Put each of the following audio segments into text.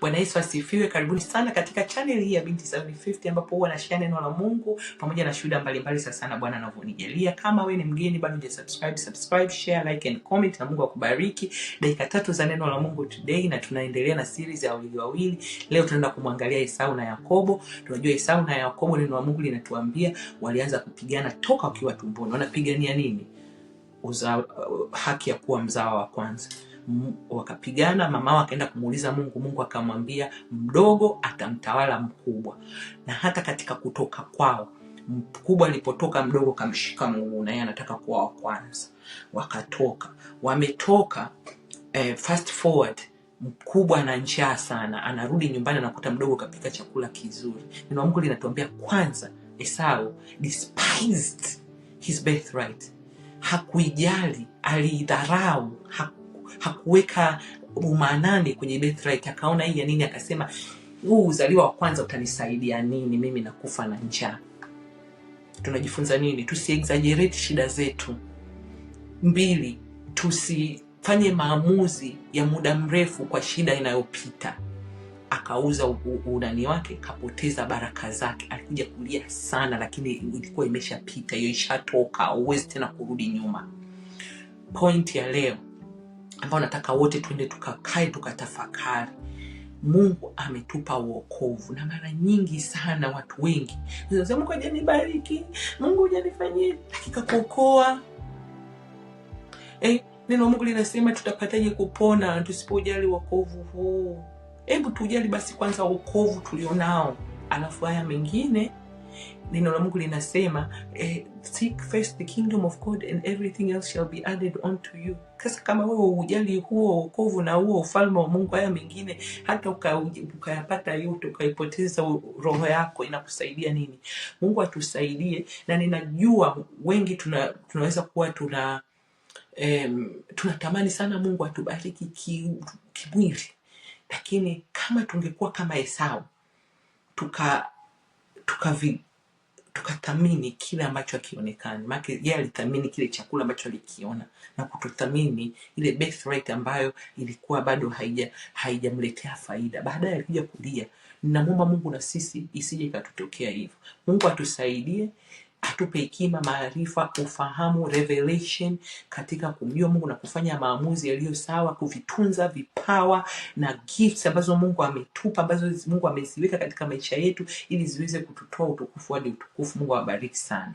Bwana Yesu asifiwe. Karibuni sana katika channel hii ya Binti Sayuni 50 ambapo huwa nashia neno la Mungu pamoja na shuhuda mbalimbali sana sana Bwana anavyonijalia. Kama wewe ni mgeni bado hujasubscribe, subscribe, share, like and comment na Mungu akubariki. Dakika tatu za neno la Mungu today na tunaendelea na series ya wawili wawili. Leo tunaenda kumwangalia Esau na Yakobo. Tunajua Esau na Yakobo, neno la Mungu linatuambia walianza kupigana toka wakiwa tumboni. Wanapigania nini? Uza, uh, haki ya kuwa mzao wa kwanza wakapigana, mama akaenda kumuuliza Mungu, Mungu akamwambia mdogo atamtawala mkubwa. Na hata katika kutoka kwao mkubwa alipotoka mdogo kamshika mguu, na yeye anataka kuwa wa kwanza. Wakatoka, wametoka eh, fast forward mkubwa ana njaa sana, anarudi nyumbani, anakuta mdogo kapika chakula kizuri. Neno Mungu linatuambia kwanza, Esau despised his birthright, hakuijali, aliidharau, haku hakuweka umaanani kwenye birthright. Akaona hii ya nini, akasema huu uzaliwa wa kwanza utanisaidia nini? Mimi nakufa na njaa. Tunajifunza nini? Tusiexaggerate shida zetu. Mbili, tusifanye maamuzi ya muda mrefu kwa shida inayopita. Akauza unani wake, kapoteza baraka zake. Alikuja kulia sana, lakini ilikuwa imeshapita hiyo, ishatoka, uwezi tena kurudi nyuma. Point ya leo ambao nataka wote tuende tukakae tukatafakari. Mungu ametupa wokovu, na mara nyingi sana watu wengi wanasema Mungu ajanibariki Mungu ajanifanyie Hakika kuokoa eh, neno Mungu linasema tutapataje kupona tusipojali wokovu huu? Hebu tujali basi kwanza wokovu tulionao, alafu haya mengine neno la Mungu linasema eh, seek first the kingdom of God and everything else shall be added unto you. Sasa kama wewe ujali huo wokovu na huo ufalme wa Mungu, haya mengine hata ukayapata yote ukaipoteza roho yako inakusaidia nini? Mungu atusaidie, na ninajua wengi tuna, tunaweza kuwa tuna um, tunatamani sana Mungu atubariki kimwili, lakini kama tungekuwa kama Esau tuka tukavi tukathamini kile ambacho hakionekani. Maana yeye alithamini kile chakula ambacho alikiona na kutothamini ile birthright ambayo ilikuwa bado haija haijamletea faida. Baadaye alikuja kulia. Ninamwomba Mungu na sisi isije ikatutokea hivyo. Mungu atusaidie atupe hekima, maarifa, ufahamu, revelation katika kumjua Mungu na kufanya maamuzi yaliyo sawa, kuvitunza vipawa na gifts ambazo Mungu ametupa, ambazo Mungu ameziweka katika maisha yetu ili ziweze kututoa utukufu hadi utukufu. Mungu awabariki sana.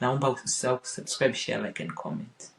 Naomba usisahau kusubscribe, share, like and comment.